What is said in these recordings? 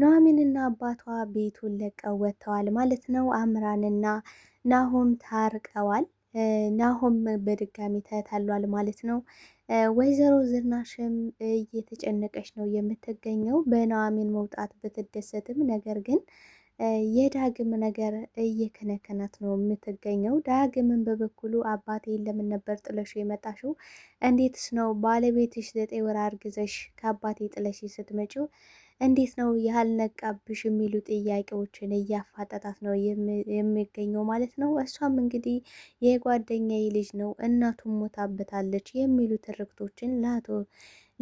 ኑሐሚንና አባቷ ቤቱን ለቀው ወጥተዋል ማለት ነው። አምራንና ናሆም ታርቀዋል። ናሆም በድጋሚ ተታሏል ማለት ነው። ወይዘሮ ዝናሽም እየተጨነቀች ነው የምትገኘው። በኑሐሚን መውጣት ብትደሰትም ነገር ግን የዳግም ነገር እየከነከናት ነው የምትገኘው። ዳግምን በበኩሉ አባቴ ለምን ነበር ጥለሹ የመጣሽው? እንዴትስ ነው ባለቤትሽ ዘጠኝ ወር አርግዘሽ ከአባቴ ጥለሽ ስትመጪው እንዴት ነው ያልነቃብሽ የሚሉ ጥያቄዎችን እያፋጠጣት ነው የሚገኘው ማለት ነው። እሷም እንግዲህ የጓደኛዬ ልጅ ነው እናቱን ሞታበታለች የሚሉ ትርክቶችን ለአቶ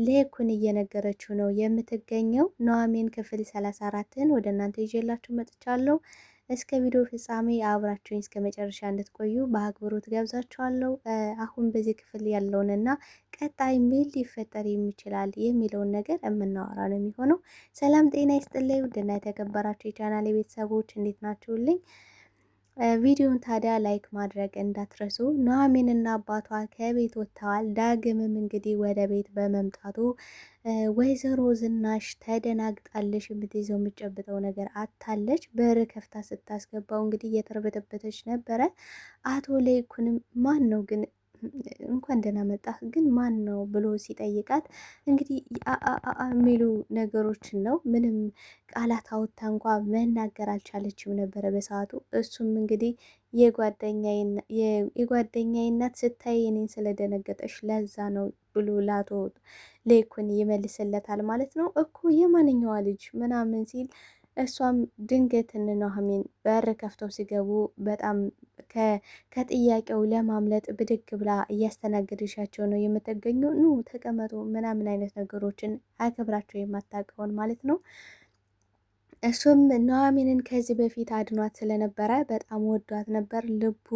ሌኩን እየነገረችው ነው የምትገኘው። ኑሐሚን ክፍል ሰላሳ አራትን ወደ እናንተ ይዤላችሁ መጥቻለሁ። እስከ ቪዲዮ ፍጻሜ አብራችሁኝ እስከ መጨረሻ እንድትቆዩ በአክብሮት ጋብዛችኋለሁ። አሁን በዚህ ክፍል ያለውንና ቀጣይ ምን ሊፈጠር የሚችላል የሚለውን ነገር የምናወራ ነው የሚሆነው። ሰላም ጤና ይስጥልኝ ውድና የተከበራችሁ የቻናል ቤተሰቦች እንዴት ናችሁልኝ? ቪዲዮን ታዲያ ላይክ ማድረግ እንዳትረሱ። ኑሐሚንና አባቷ ከቤት ወጥተዋል። ዳግምም እንግዲህ ወደ ቤት በመምጣቱ ወይዘሮ ዝናሽ ተደናግጣለች። የምትይዘው የምጨብጠው ነገር አታለች። በር ከፍታ ስታስገባው እንግዲህ እየተርበተበተች ነበረ። አቶ ለይኩንም ማን ነው ግን እንኳን ደህና መጣ ግን ማን ነው ብሎ ሲጠይቃት እንግዲህ የሚሉ ነገሮችን ነው። ምንም ቃላት አውጥታ እንኳ መናገር አልቻለችም ነበረ በሰዓቱ። እሱም እንግዲህ የጓደኛዬ እናት ስታይ እኔን ስለደነገጠሽ ለዛ ነው ብሎ ላቶ ለይኩን ይመልስለታል ማለት ነው እኮ የማንኛዋ ልጅ ምናምን ሲል እሷም ድንገት ኑሃሚን በር ከፍተው ሲገቡ በጣም ከጥያቄው ለማምለጥ ብድግ ብላ እያስተናገደሻቸው ነው የምትገኙ ኑ ተቀመጡ ምናምን አይነት ነገሮችን አክብራቸው የማታውቀውን ማለት ነው። እሱም ኑሃሚንን ከዚህ በፊት አድኗት ስለነበረ በጣም ወዷት ነበር። ልቡ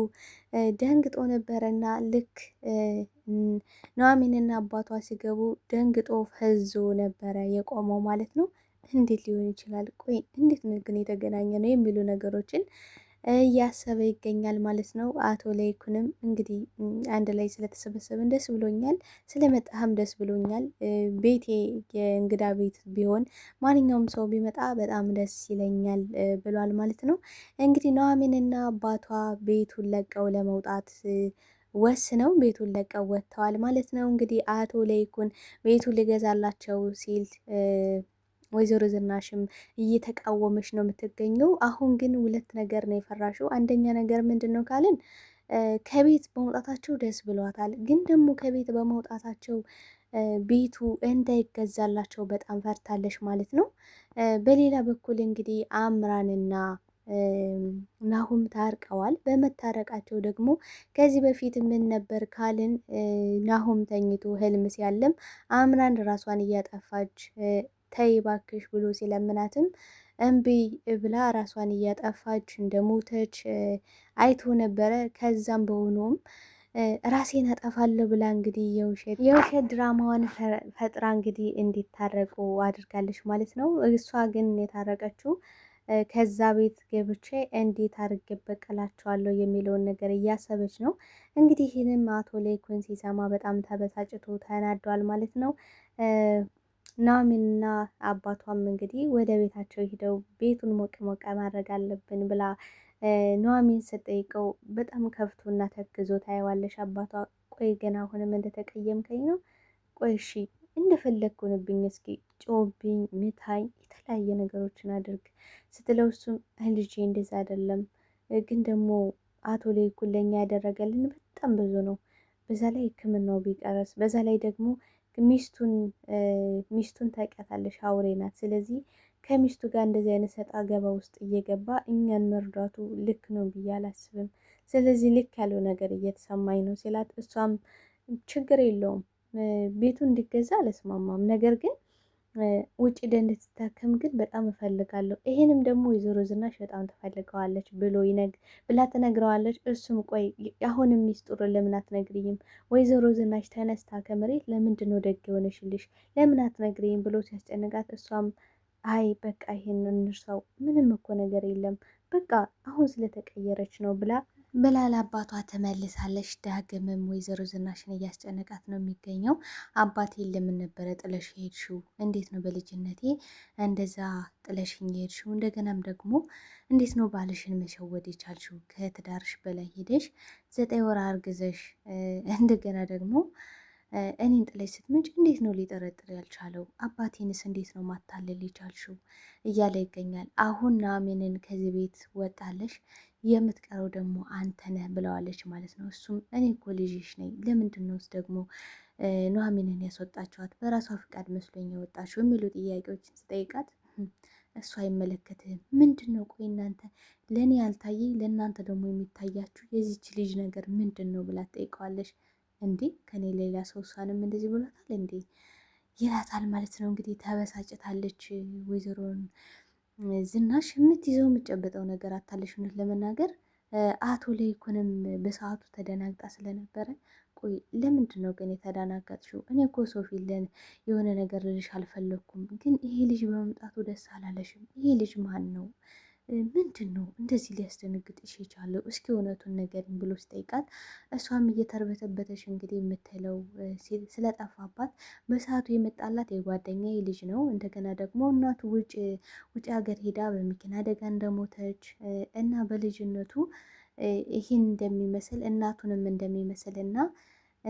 ደንግጦ ነበረና ልክ ኑሃሚንና አባቷ ሲገቡ ደንግጦ ፈዞ ነበረ የቆመው ማለት ነው። እንዴት ሊሆን ይችላል? ቆይ እንዴት ነው ግን የተገናኘ ነው የሚሉ ነገሮችን እያሰበ ይገኛል ማለት ነው። አቶ ላይኩንም እንግዲህ አንድ ላይ ስለተሰበሰብን ደስ ብሎኛል፣ ስለመጣህም ደስ ብሎኛል። ቤቴ የእንግዳ ቤት ቢሆን ማንኛውም ሰው ቢመጣ በጣም ደስ ይለኛል ብሏል ማለት ነው። እንግዲህ ኑሐሚንና አባቷ ቤቱን ለቀው ለመውጣት ወስነው ቤቱን ለቀው ወጥተዋል ማለት ነው። እንግዲህ አቶ ላይኩን ቤቱን ልገዛላቸው ሲል ወይዘሮ ዝናሽም እየተቃወመች ነው የምትገኘው። አሁን ግን ሁለት ነገር ነው የፈራሽው። አንደኛ ነገር ምንድን ነው ካልን ከቤት በመውጣታቸው ደስ ብሏታል። ግን ደግሞ ከቤት በመውጣታቸው ቤቱ እንዳይገዛላቸው በጣም ፈርታለች ማለት ነው። በሌላ በኩል እንግዲህ አምራንና ናሁም ታርቀዋል። በመታረቃቸው ደግሞ ከዚህ በፊት ምን ነበር ካልን ናሁም ተኝቶ ህልም ሲያለም አምራን ራሷን እያጠፋች ተይ ባክሽ ብሎ ሲለምናትም እምቢ ብላ ራሷን እያጠፋች እንደሞተች አይቶ ነበረ። ከዛም በሆኖም ራሴን አጠፋለሁ ብላ እንግዲህ የውሸት ድራማዋን ፈጥራ እንግዲህ እንዲታረቁ አድርጋለች ማለት ነው። እሷ ግን የታረቀችው ከዛ ቤት ገብቼ እንዴት አድርጌ በቀላቸዋለሁ የሚለውን ነገር እያሰበች ነው። እንግዲህ ይህንም አቶ ሌኩን ሲሰማ በጣም ተበሳጭቶ ተናዷል ማለት ነው። ኑሃሚንና አባቷም እንግዲህ ወደ ቤታቸው ሂደው ቤቱን ሞቅ ሞቀ ማድረግ አለብን ብላ ኑሃሚን ስጠይቀው በጣም ከፍቶና ተክዞ ታየዋለሽ። አባቷ ቆይ ገና አሁንም እንደተቀየምከኝ ነው? ቆይ እሺ እንደፈለግኩንብኝ እስኪ ጮብኝ፣ ምታኝ፣ የተለያየ ነገሮችን አድርግ ስትለው እሱም ልጄ እንደዛ አይደለም ግን ደግሞ አቶ ላይ ኩለኛ ያደረገልን በጣም ብዙ ነው። በዛ ላይ ሕክምናው ቢቀረስ በዛ ላይ ደግሞ ሚስቱን ሚስቱን ታውቂያታለሽ፣ አውሬ ናት። ስለዚህ ከሚስቱ ጋር እንደዚህ አይነት ሰጣ ገባ ውስጥ እየገባ እኛን መርዳቱ ልክ ነው ብዬ አላስብም። ስለዚህ ልክ ያለው ነገር እየተሰማኝ ነው ሲላት፣ እሷም ችግር የለውም ቤቱ እንዲገዛ አለስማማም ነገር ግን ውጭ ደ እንድትታከም ግን በጣም እፈልጋለሁ። ይሄንም ደግሞ ወይዘሮ ዝናሽ በጣም ትፈልገዋለች ብሎ ብላ ትነግረዋለች። እሱም ቆይ አሁንም ሚስጥሩ ለምን አትነግሪኝም? ወይዘሮ ዝናሽ ተነስታ ከመሬት ለምንድን ነው ደግ የሆነሽልሽ ለምን አትነግሪኝም? ብሎ ሲያስጨንቃት እሷም አይ በቃ ይሄን እንርሳው፣ ምንም እኮ ነገር የለም በቃ አሁን ስለተቀየረች ነው ብላ ብላ ለአባቷ ተመልሳለች ዳግምም ወይዘሮ ዝናሽን እያስጨነቃት ነው የሚገኘው። አባቴ ለምን ነበረ ጥለሽ ሄድሽው እንዴት ነው በልጅነቴ እንደዛ ጥለሽኝ የሄድሽው? እንደገናም ደግሞ እንዴት ነው ባልሽን መሸወድ የቻልሽው? ከትዳርሽ በላይ ሄደሽ ዘጠኝ ወር አርግዘሽ እንደገና ደግሞ እኔን ጥለሽ ስትመጪ እንዴት ነው ሊጠረጥር ያልቻለው? አባቴንስ እንዴት ነው ማታለል የቻልሽው? እያለ ይገኛል። አሁን ናሚንን ከዚህ ቤት ወጣለሽ የምትቀረው ደግሞ አንተ ነህ ብለዋለች ማለት ነው። እሱም እኔ እኮ ልጅሽ ነኝ፣ ለምንድን ነው ደግሞ ኑሐሚንን ያስወጣችኋት? በራሷ ፍቃድ መስሎኝ የወጣችሁ የሚሉ ጥያቄዎችን ስጠይቃት እሱ አይመለከትህም። ምንድን ነው ቆይ እናንተ ለእኔ ያልታየኝ ለእናንተ ደግሞ የሚታያችሁ የዚች ልጅ ነገር ምንድን ነው ብላ ትጠይቀዋለች። እንዴ ከኔ ሌላ ሰው እሷንም እንደዚህ ብሏታል እንዴ ይላታል ማለት ነው። እንግዲህ ተበሳጭታለች ወይዘሮን ዝናሽ የምትይዘው የምጨበጠው ነገር አታለሽ። እውነት ለመናገር አቶ ለይኩንም በሰዓቱ ተደናግጣ ስለነበረ ቆይ ለምንድን ነው ግን የተደናገጥሽው? እኔ እኮ ሶፊልን የሆነ ነገር ልልሽ አልፈለግኩም፣ ግን ይሄ ልጅ በመምጣቱ ደስ አላለሽም? ይሄ ልጅ ማን ነው? ምንድን ነው እንደዚህ ሊያስደነግጥሽ የቻለው? እስኪ እውነቱን ነገርን ብሎ ሲጠይቃት እሷም እየተርበተበተች እንግዲህ የምትለው ስለጠፋባት በሰዓቱ የመጣላት የጓደኛ ልጅ ነው። እንደገና ደግሞ እናቱ ውጭ ውጭ ሀገር ሄዳ በመኪና አደጋ እንደሞተች እና በልጅነቱ ይህን እንደሚመስል እናቱንም እንደሚመስል እና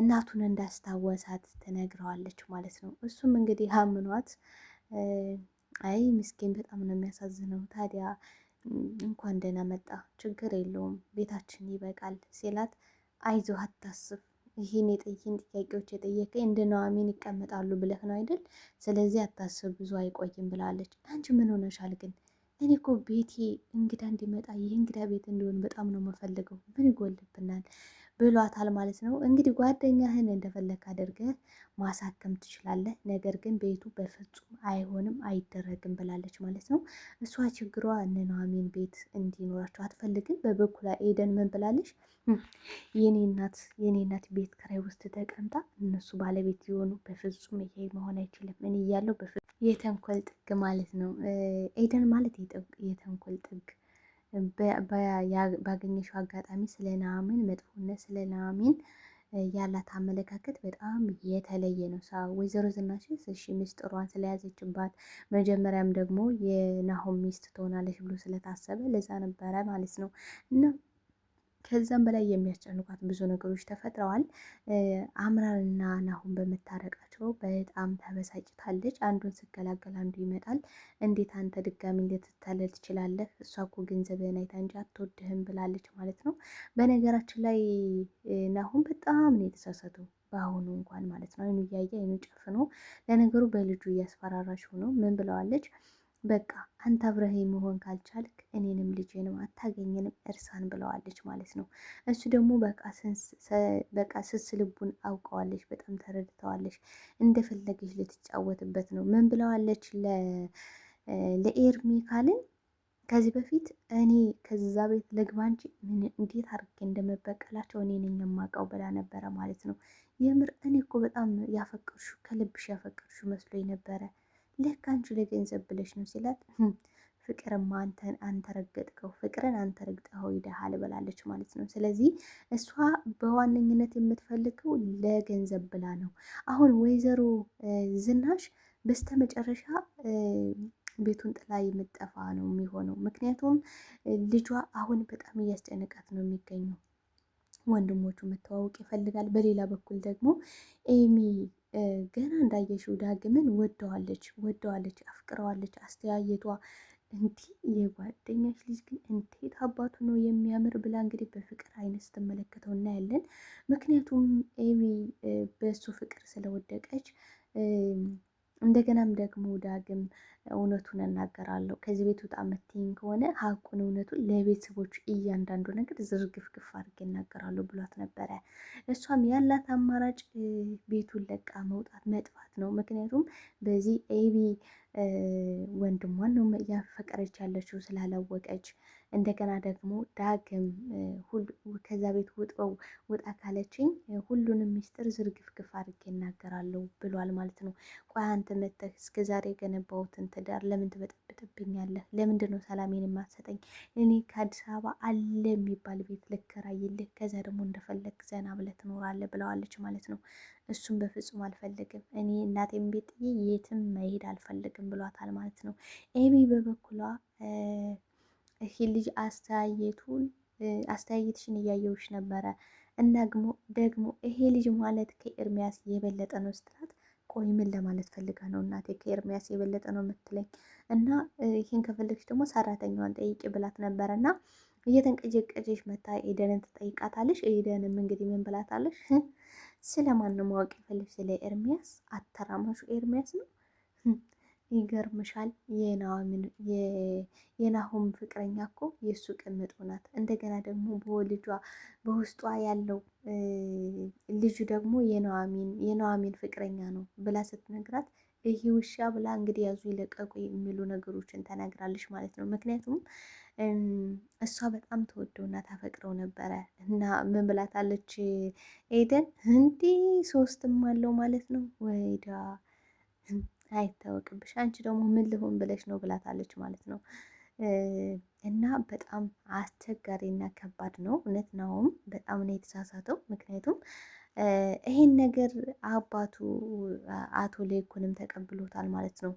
እናቱን እንዳስታወሳት ትነግረዋለች ማለት ነው። እሱም እንግዲህ አምኗት አይ ምስኪን በጣም ነው የሚያሳዝነው ታዲያ እንኳን ደህና መጣ፣ ችግር የለውም ቤታችን ይበቃል ሲላት፣ አይዞ አታስብ፣ ይህን የጠይን ጥያቄዎች የጠየቀኝ እንደ ይቀመጣሉ ብለህ ነው አይደል? ስለዚህ አታስብ፣ ብዙ አይቆይም ብላለች። አንቺ ምን ሆነሻል ግን? እኔ እኮ ቤቴ እንግዳ እንዲመጣ ይህ እንግዳ ቤት እንዲሆን በጣም ነው የምፈልገው። ምን ይጎልብናል? ብሏታል ማለት ነው። እንግዲህ ጓደኛህን እንደፈለክ አድርገህ ማሳከም ትችላለህ፣ ነገር ግን ቤቱ በፍጹም አይሆንም አይደረግም ብላለች ማለት ነው። እሷ ችግሯ እነ ኑሐሚን ቤት እንዲኖራቸው አትፈልግም። በበኩላ ኤደን ምን ብላለች? የኔ እናት የኔ እናት ቤት ክራይ ውስጥ ተቀምጣ እነሱ ባለቤት ሊሆኑ በፍጹም ይሄ መሆን አይችልም። ምን እያለው የተንኮል ጥግ ማለት ነው። ኤደን ማለት የተንኮል ጥግ ባገኘሽው አጋጣሚ ስለ ናሚን መጥፎነት፣ ስለ ናሚን ያላት አመለካከት በጣም የተለየ ነው። ሰ ወይዘሮ ዝናሽን እሺ ምስጢሯን ስለያዘችባት መጀመሪያም ደግሞ የናሆም ሚስት ትሆናለች ብሎ ስለታሰበ ለዛ ነበረ ማለት ነው እና ከዛም በላይ የሚያስጨንቋት ብዙ ነገሮች ተፈጥረዋል። አምራንና ናሆም በመታረቃቸው ስላላቸው በጣም ተበሳጭታለች። አንዱን ስገላገል አንዱ ይመጣል። እንዴት አንተ ድጋሚ ልትታለል ትችላለህ? እሷ እኮ ገንዘብህን አይታ እንጂ አትወድህም ብላለች ማለት ነው። በነገራችን ላይ ናሁን በጣም ነው የተሳሳተው። በአሁኑ እንኳን ማለት ነው አይኑ እያየ አይኑ ጨፍኖ። ለነገሩ በልጁ እያስፈራራችው ነው። ምን ብለዋለች? በቃ አንተ አብረኸኝ መሆን ካልቻልክ እኔንም ልጄንም አታገኘንም እርሳን ብለዋለች ማለት ነው። እሱ ደግሞ በቃ ስስ ልቡን አውቀዋለች፣ በጣም ተረድተዋለች። እንደፈለገች ልትጫወትበት ነው። ምን ብለዋለች ለኤርሚ ካልን ከዚህ በፊት እኔ ከዛ ቤት ልግባ እንጂ እንዴት አድርጌ እንደመበቀላቸው እኔ ነኝ የማውቀው ብላ ነበረ ማለት ነው። የምር እኔ እኮ በጣም ያፈቅርሹ ከልብሽ ያፈቅርሹ መስሎኝ ነበረ ልክ አንቺ ለገንዘብ ብለሽ ነው ሲላት ፍቅርማ አንተን አንተ ረገጥከው ፍቅርን አንተ ረግጠኸው ይደሃል ብላለች ማለት ነው። ስለዚህ እሷ በዋነኝነት የምትፈልገው ለገንዘብ ብላ ነው። አሁን ወይዘሮ ዝናሽ በስተመጨረሻ ቤቱን ጥላ የምጠፋ ነው የሚሆነው። ምክንያቱም ልጇ አሁን በጣም እያስጨነቃት ነው የሚገኘው። ወንድሞቹ መተዋወቅ ይፈልጋል። በሌላ በኩል ደግሞ ኤሚ ገና እንዳየሽው ዳግምን ወደዋለች ወደዋለች አፍቅረዋለች። አስተያየቷ እንዲህ የጓደኛሽ ልጅ ግን እንዴት አባቱ ነው የሚያምር ብላ እንግዲህ በፍቅር አይነት ስትመለከተው እናያለን። ምክንያቱም ኤሚ በእሱ ፍቅር ስለወደቀች እንደገናም ደግሞ ዳግም እውነቱን እናገራለሁ። ከዚህ ቤት ውጣ መትኝ ከሆነ ሀቁን፣ እውነቱን ለቤተሰቦች እያንዳንዱ ነገር ዝርግፍግፍ አድርጌ እናገራለሁ ብሏት ነበረ። እሷም ያላት አማራጭ ቤቱን ለቃ መውጣት መጥፋት ነው። ምክንያቱም በዚህ ኤቢ ወንድሟን ነው እያፈቀረች ያለችው ስላላወቀች። እንደገና ደግሞ ዳግም ከዛ ቤት ውጠው ውጣ ካለችኝ ሁሉንም ምስጢር ዝርግፍግፍ አድርጌ እናገራለሁ ብሏል ማለት ነው። ቆይ አንተ መተህ ዛሬ የገነባሁትን ትዳር ለምን ትበጠብጥብኛለህ? ለምንድን ነው ሰላሜን የማትሰጠኝ? እኔ ከአዲስ አበባ አለ የሚባል ቤት ልከራይልህ፣ ከዛ ደግሞ እንደፈለግ ዘና ብለህ ትኖራለህ ብለዋለች ማለት ነው። እሱም በፍጹም አልፈልግም፣ እኔ እናቴም ቤት ጥዬ የትም መሄድ አልፈልግም አልፈልግም ብሏታል ማለት ነው። ኤቢ በበኩሏ ይህ ልጅ አስተያየቱን አስተያየትሽን እያየውሽ ነበረ እና ደግሞ ይሄ ልጅ ማለት ከኤርሚያስ የበለጠ ነው ስትላት፣ ቆይ ምን ለማለት ፈልጋ ነው እናቴ ከኤርሚያስ የበለጠ ነው የምትለኝ? እና ይህን ከፈለግሽ ደግሞ ሰራተኛዋን ጠይቂ ብላት ነበረ እና እየተንቀጀቀጀሽ መታ ኤደንን ትጠይቃታለሽ። ኤደንም እንግዲህ ምን ብላታለሽ? ስለማን ነው ማወቅ የፈለግሽ? ስለ ኤርሚያስ አተራማሹ ኤርሚያስ ነው ይገርምሻል የናሆም ፍቅረኛ እኮ የእሱ ቅምጡ ናት። እንደገና ደግሞ በወልጇ በውስጧ ያለው ልጁ ደግሞ የኑሐሚን ፍቅረኛ ነው ብላ ስትነግራት ይህ ውሻ ብላ እንግዲህ ያዙ ይለቀቁ የሚሉ ነገሮችን ተናግራለች ማለት ነው። ምክንያቱም እሷ በጣም ተወደው ና ታፈቅረው ነበረ እና ምን ብላታለች ኤደን እንዲህ ሶስትም አለው ማለት ነው ወይዳ ሳይታወቅብሽ አንቺ ደግሞ ምን ልሆን ብለሽ ነው ብላታለች ማለት ነው። እና በጣም አስቸጋሪ እና ከባድ ነው። እውነት ነውም በጣም ነው የተሳሳተው ምክንያቱም ይሄን ነገር አባቱ አቶ ለይኩንም ተቀብሎታል ማለት ነው።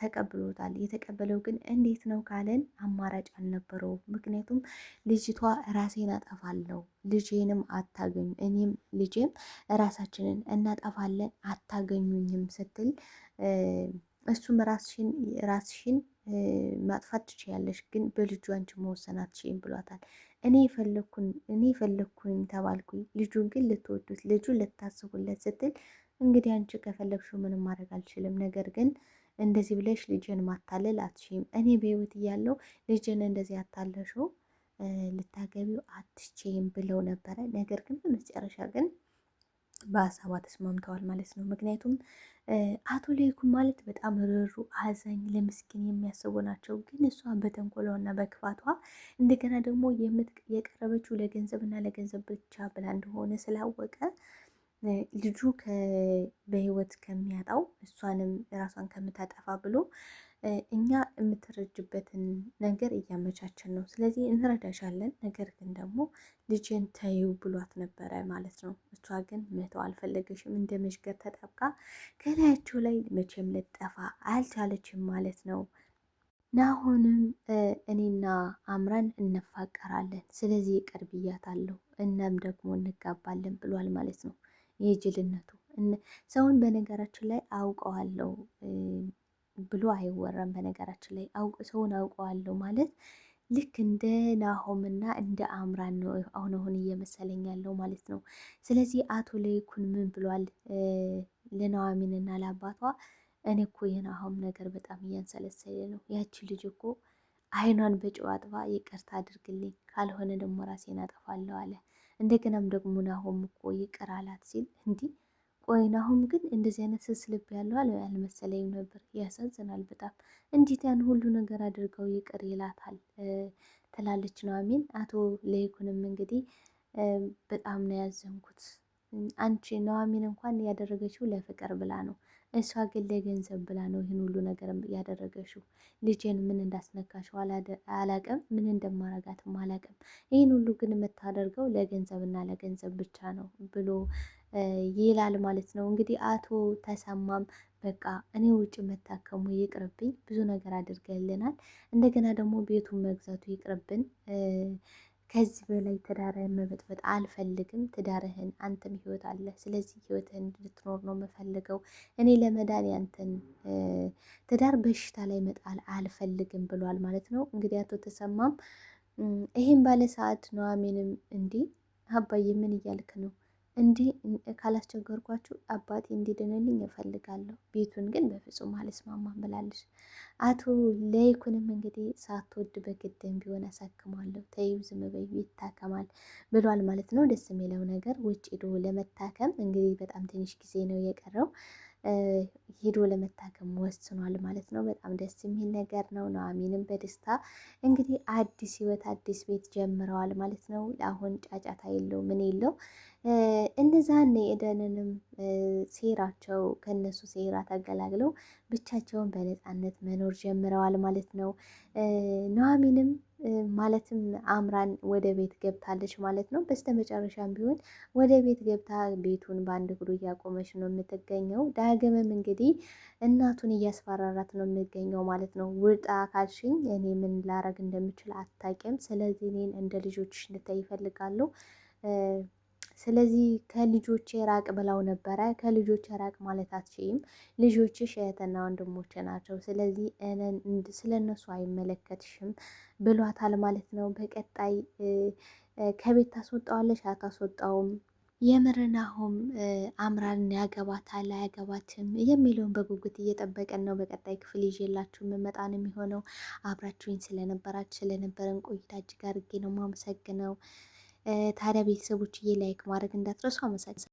ተቀብሎታል። የተቀበለው ግን እንዴት ነው ካለን አማራጭ አልነበረው። ምክንያቱም ልጅቷ ራሴን አጠፋለሁ፣ ልጄንም አታገኙ፣ እኔም ልጄም ራሳችንን እናጠፋለን፣ አታገኙኝም ስትል እሱም ራስሽን ራስሽን ማጥፋት ትችያለሽ፣ ግን በልጁ አንቺ መወሰን አትችይም ብሏታል። እኔ የፈለግኩን እኔ የፈለግኩኝ ተባልኩኝ። ልጁን ግን ልትወዱት ልጁን ልታስቡለት ስትል እንግዲህ አንቺ ከፈለግሽው ምንም ማድረግ አልችልም። ነገር ግን እንደዚህ ብለሽ ልጅን ማታለል አትችይም። እኔ በህይወት እያለው ልጅን እንደዚህ አታለሽው ልታገቢው አትችይም ብለው ነበረ። ነገር ግን በመጨረሻ ግን በሀሳቧ ተስማምተዋል ማለት ነው። ምክንያቱም አቶ ለይኩን ማለት በጣም ርሩ አዛኝ፣ ለምስኪን የሚያስቡ ናቸው። ግን እሷ በተንኮሏ እና በክፋቷ እንደገና ደግሞ የቀረበችው ለገንዘብና ለገንዘብ ብቻ ብላ እንደሆነ ስላወቀ ልጁ በህይወት ከሚያጣው እሷንም ራሷን ከምታጠፋ ብሎ እኛ የምትረጅበትን ነገር እያመቻችን ነው። ስለዚህ እንረዳሻለን፣ ነገር ግን ደግሞ ልጅን ተዩ ብሏት ነበረ ማለት ነው። እሷ ግን መተው አልፈለገሽም። እንደ መሽገር ተጠብቃ ከላያቸው ላይ መቼም ልጠፋ አልቻለችም ማለት ነው። ናሁንም እኔና አምራን እንፋቀራለን፣ ስለዚህ ይቅር ብያታለሁ፣ እናም ደግሞ እንጋባለን ብሏል ማለት ነው። የጅልነቱ ሰውን በነገራችን ላይ አውቀዋለሁ ብሎ አይወራም። በነገራችን ላይ ሰውን አውቀዋለሁ ማለት ልክ እንደ ናሆምና እንደ አምራን ነው አሁን አሁን እየመሰለኝ ያለው ማለት ነው። ስለዚህ አቶ ለይኩን ምን ብሏል ለኑሐሚንና ለአባቷ፣ እኔ እኮ የናሆም ነገር በጣም እያንሰለሰለ ነው። ያቺ ልጅ እኮ አይኗን በጨው አጥባ ይቅርታ አድርግልኝ፣ ካልሆነ ደግሞ ራሴን አጠፋለሁ አለ። እንደገናም ደግሞ ናሆም እኮ ይቅር አላት ሲል እንዲህ ቆይን አሁን ግን እንደዚህ አይነት ስስ ልብ ያለው አልመሰለኝም ነበር። ያሳዝናል በጣም እንዴት ያን ሁሉ ነገር አድርገው ይቅር ይላታል ትላለች ኑሐሚን። አቶ ለይኩንም እንግዲህ በጣም ነው ያዘንኩት። አንቺ ኑሐሚን እንኳን ያደረገችው ለፍቅር ብላ ነው። እሷ ግን ለገንዘብ ብላ ነው ይህን ሁሉ ነገር ያደረገችው። ልጄን ምን እንዳስነካሽው አላቅም፣ ምን እንደማረጋትም አላቅም። ይህን ሁሉ ግን የምታደርገው ለገንዘብ እና ለገንዘብ ብቻ ነው ብሎ ይላል ማለት ነው። እንግዲህ አቶ ተሰማም በቃ እኔ ውጭ መታከሙ ይቅርብኝ፣ ብዙ ነገር አድርገልናል። እንደገና ደግሞ ቤቱን መግዛቱ ይቅርብን። ከዚህ በላይ ትዳርህን መበጥበጥ አልፈልግም። ትዳርህን አንተም ህይወት አለ። ስለዚህ ህይወትህን እንድትኖር ነው የምፈልገው። እኔ ለመዳን ያንተን ትዳር በሽታ ላይ መጣል አልፈልግም ብሏል ማለት ነው። እንግዲህ አቶ ተሰማም ይህም ባለ ሰዓት ኑሐሚንም እንዲህ አባዬ ምን እያልክ ነው እንዲህ ካላስቸገርኳችሁ አባቴ እንዲድንልኝ እፈልጋለሁ፣ ቤቱን ግን በፍጹም አልስማማም ብላለች። አቶ ለይኩንም እንግዲህ ሳትወድ በግድም ቢሆን አሳክሟለሁ፣ ተይው ዝም በይ ይታከማል ብሏል ማለት ነው። ደስ የሚለው ነገር ውጭ ሄዶ ለመታከም እንግዲህ በጣም ትንሽ ጊዜ ነው የቀረው። ሄዶ ለመታከም ወስኗል ማለት ነው። በጣም ደስ የሚል ነገር ነው። ኑሐሚንም በደስታ እንግዲህ አዲስ ህይወት አዲስ ቤት ጀምረዋል ማለት ነው። አሁን ጫጫታ የለው ምን የለው እነዛን የደንንም ሴራቸው ከነሱ ሴራ ተገላግለው ብቻቸውን በነፃነት መኖር ጀምረዋል ማለት ነው። ኑሐሚንም ማለትም አምራን ወደ ቤት ገብታለች ማለት ነው። በስተመጨረሻም ቢሆን ወደ ቤት ገብታ ቤቱን በአንድ እግሩ እያቆመች ነው የምትገኘው። ዳግምም እንግዲህ እናቱን እያስፈራራት ነው የምገኘው ማለት ነው። ውጣ ካልሽኝ እኔ ምን ላረግ እንደምችል አታውቂም። ስለዚህ እኔን እንደ ልጆችሽ እንድታይ ይፈልጋሉ ስለዚህ ከልጆቼ ራቅ ብለው ነበረ። ከልጆቼ ራቅ ማለት አትችይም፣ ልጆችሽ እህትና ወንድሞቼ ናቸው። ስለዚህ ስለ እነሱ አይመለከትሽም ብሏታል ማለት ነው። በቀጣይ ከቤት ታስወጣዋለች አታስወጣውም፣ የምር አምራን ያገባታል አያገባትም የሚለውን በጉጉት እየጠበቀን ነው። በቀጣይ ክፍል ይዤላችሁ የምመጣን የሚሆነው አብራችሁኝ ስለነበራችሁ ስለነበረን ቆይታ እጅግ አድርጌ ነው ማመሰግነው። ታዲያ ቤተሰቦች ላይክ ማድረግ እንዳትረሱ። አመሰግናለሁ።